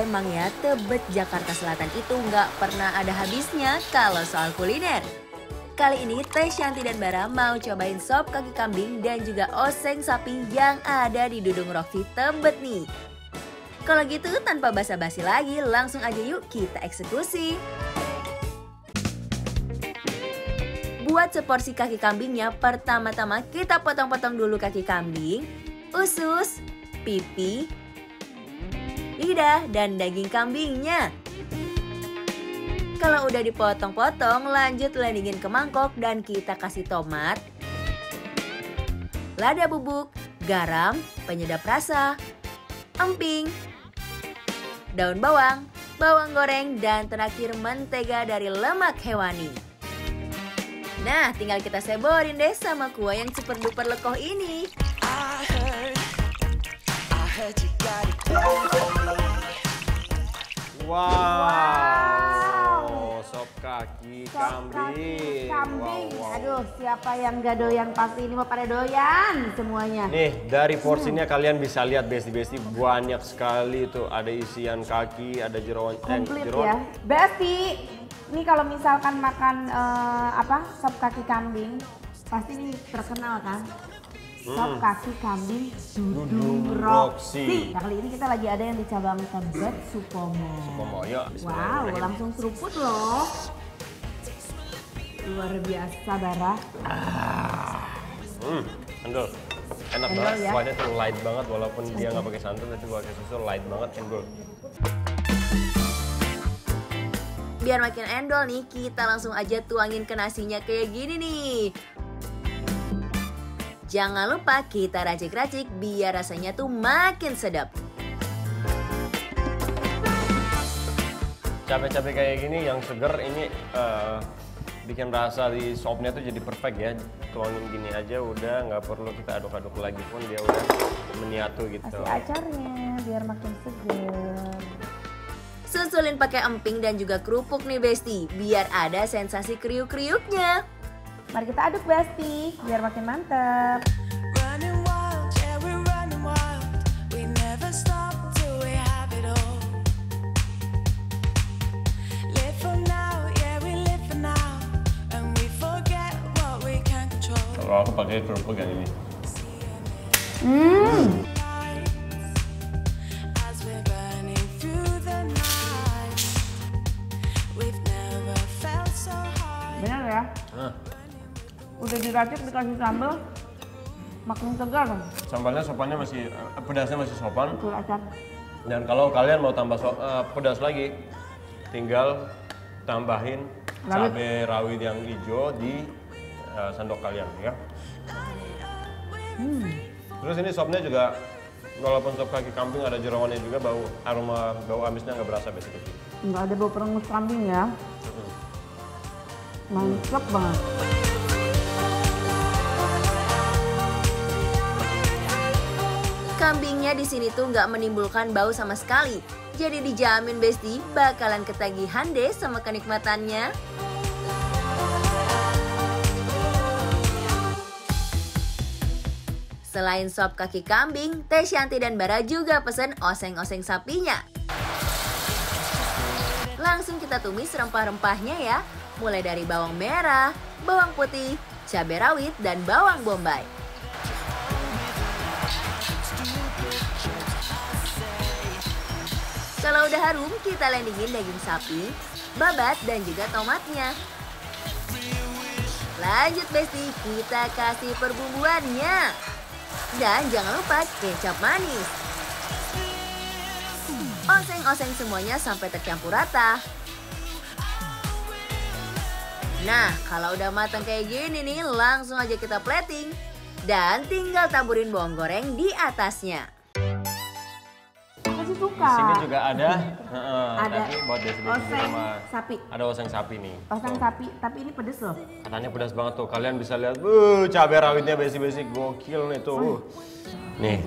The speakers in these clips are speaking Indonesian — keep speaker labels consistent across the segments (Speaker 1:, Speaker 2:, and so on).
Speaker 1: emang ya Tebet Jakarta Selatan itu nggak pernah ada habisnya kalau soal kuliner. Kali ini Teh Shanti dan Bara mau cobain sop kaki kambing dan juga oseng sapi yang ada di Dudung Rocky Tebet nih. Kalau gitu tanpa basa-basi lagi langsung aja yuk kita eksekusi. Buat seporsi kaki kambingnya pertama-tama kita potong-potong dulu kaki kambing, usus, pipi, lidah dan daging kambingnya. Kalau udah dipotong-potong, lanjut landingin ke mangkok dan kita kasih tomat, lada bubuk, garam, penyedap rasa, emping, daun bawang, bawang goreng, dan terakhir mentega dari lemak hewani. Nah, tinggal kita seborin deh sama kuah yang super duper lekoh ini. Wow.
Speaker 2: kaki kambing. kambing. Aduh,
Speaker 1: siapa yang gak doyan pasti ini mau pada doyan semuanya.
Speaker 2: Nih, dari porsinya hmm. kalian bisa lihat besti-besti banyak sekali tuh. Ada isian kaki, ada jerawan. Eh, Komplit eh, ya.
Speaker 1: Besti, ini kalau misalkan makan uh, apa sop kaki kambing, pasti ini terkenal kan? Sop hmm. kaki kambing dudung roksi. Nah kali ini kita lagi ada yang di cabang Tebet Supomo. Supomo ya. Wow langsung seruput loh. Luar biasa Bara. Ah.
Speaker 2: Hmm, endol. Enak endol, banget, ya? kuahnya tuh light banget walaupun dia nggak pakai santan tapi pakai susu light banget endol.
Speaker 1: Biar makin endol nih, kita langsung aja tuangin ke nasinya kayak gini nih. Jangan lupa kita racik-racik biar rasanya tuh makin sedap.
Speaker 2: Capek-capek kayak gini yang seger ini uh, bikin rasa di sopnya tuh jadi perfect ya tuangin gini aja udah nggak perlu kita aduk-aduk lagi pun dia udah meniatu gitu kasih
Speaker 1: acarnya biar makin segar susulin pakai emping dan juga kerupuk nih Besti biar ada sensasi kriuk-kriuknya Mari kita aduk Basti biar makin mantap.
Speaker 2: Kalau aku pakai kerupuk yang ini. Hmm.
Speaker 1: udah diracik dikasih sambal makin segar.
Speaker 2: Sambalnya sopannya masih eh, pedasnya masih sopan. Dan kalau kalian mau tambah so, uh, pedas lagi, tinggal tambahin cabe cabai rawit yang hijau di uh, sendok kalian ya. Hmm. Terus ini sopnya juga walaupun sop kaki kambing ada jerawannya juga bau aroma bau amisnya nggak berasa basically.
Speaker 1: Nggak ada bau perengus kambing ya. Mantap banget. kambingnya di sini tuh nggak menimbulkan bau sama sekali. Jadi dijamin Besti bakalan ketagihan deh sama kenikmatannya. Selain sop kaki kambing, Teh Shanti dan Bara juga pesen oseng-oseng sapinya. Langsung kita tumis rempah-rempahnya ya, mulai dari bawang merah, bawang putih, cabai rawit, dan bawang bombay. Kalau udah harum, kita landingin daging sapi, babat, dan juga tomatnya. Lanjut Besti, kita kasih perbumbuannya. Dan jangan lupa kecap manis. Oseng-oseng semuanya sampai tercampur rata. Nah, kalau udah matang kayak gini nih, langsung aja kita plating. Dan tinggal taburin bawang goreng di atasnya suka. Di sini juga
Speaker 2: ada. ada buat oseng sama sapi. Ada oseng sapi nih.
Speaker 1: Oseng sapi, tapi ini pedes loh.
Speaker 2: Katanya pedas banget tuh. Kalian bisa lihat, uh, cabai rawitnya basic-basic gokil nih tuh. Oh. Nih.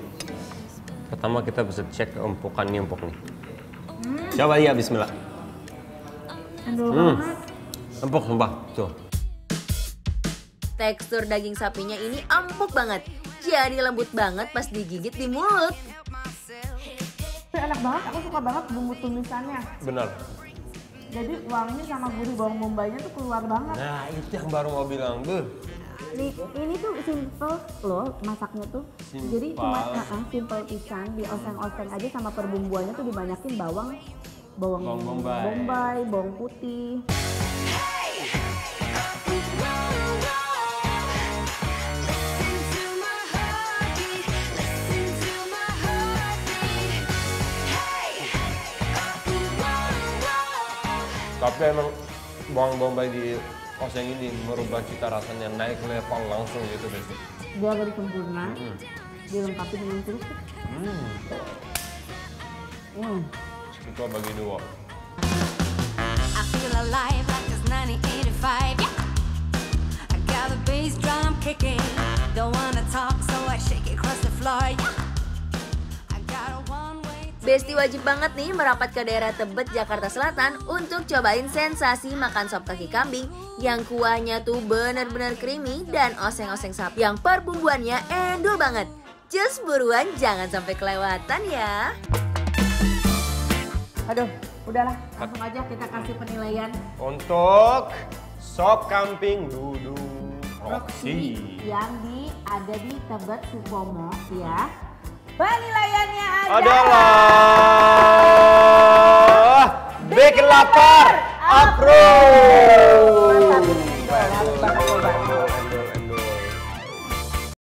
Speaker 2: Pertama kita bisa cek empukannya empuk nih. Hmm. Coba ya bismillah. Aduh, hmm. Empuk sumpah. Tuh.
Speaker 1: Tekstur daging sapinya ini empuk banget. Jadi lembut banget pas digigit di mulut. Tapi enak banget, aku suka banget bumbu tumisannya. Benar. Jadi wanginya sama gurih bawang bombaynya tuh keluar banget.
Speaker 2: Nah itu yang baru mau bilang, bu.
Speaker 1: Ini, ini tuh simple loh masaknya tuh. Simple. Jadi cuma uh, simple pisang dioseng-oseng aja sama perbumbuannya tuh dibanyakin bawang, bawang, bawang bombay, bawang putih.
Speaker 2: tapi emang bawang bombay di oseng ini merubah cita rasanya naik level langsung gitu deh
Speaker 1: dia lebih sempurna mm -hmm. dilengkapi dengan kerupuk hmm. hmm.
Speaker 2: itu bagi dua I
Speaker 1: feel alive like it's 98 Besti wajib banget nih merapat ke daerah Tebet, Jakarta Selatan untuk cobain sensasi makan sop kaki kambing yang kuahnya tuh bener-bener creamy dan oseng-oseng sapi yang perbumbuannya endo banget. Just buruan jangan sampai kelewatan ya. Aduh, udahlah langsung aja kita kasih penilaian.
Speaker 2: Untuk sop kambing dulu. Roxy.
Speaker 1: yang di ada di Tebet Supomo ya. Balik
Speaker 2: lagi adalah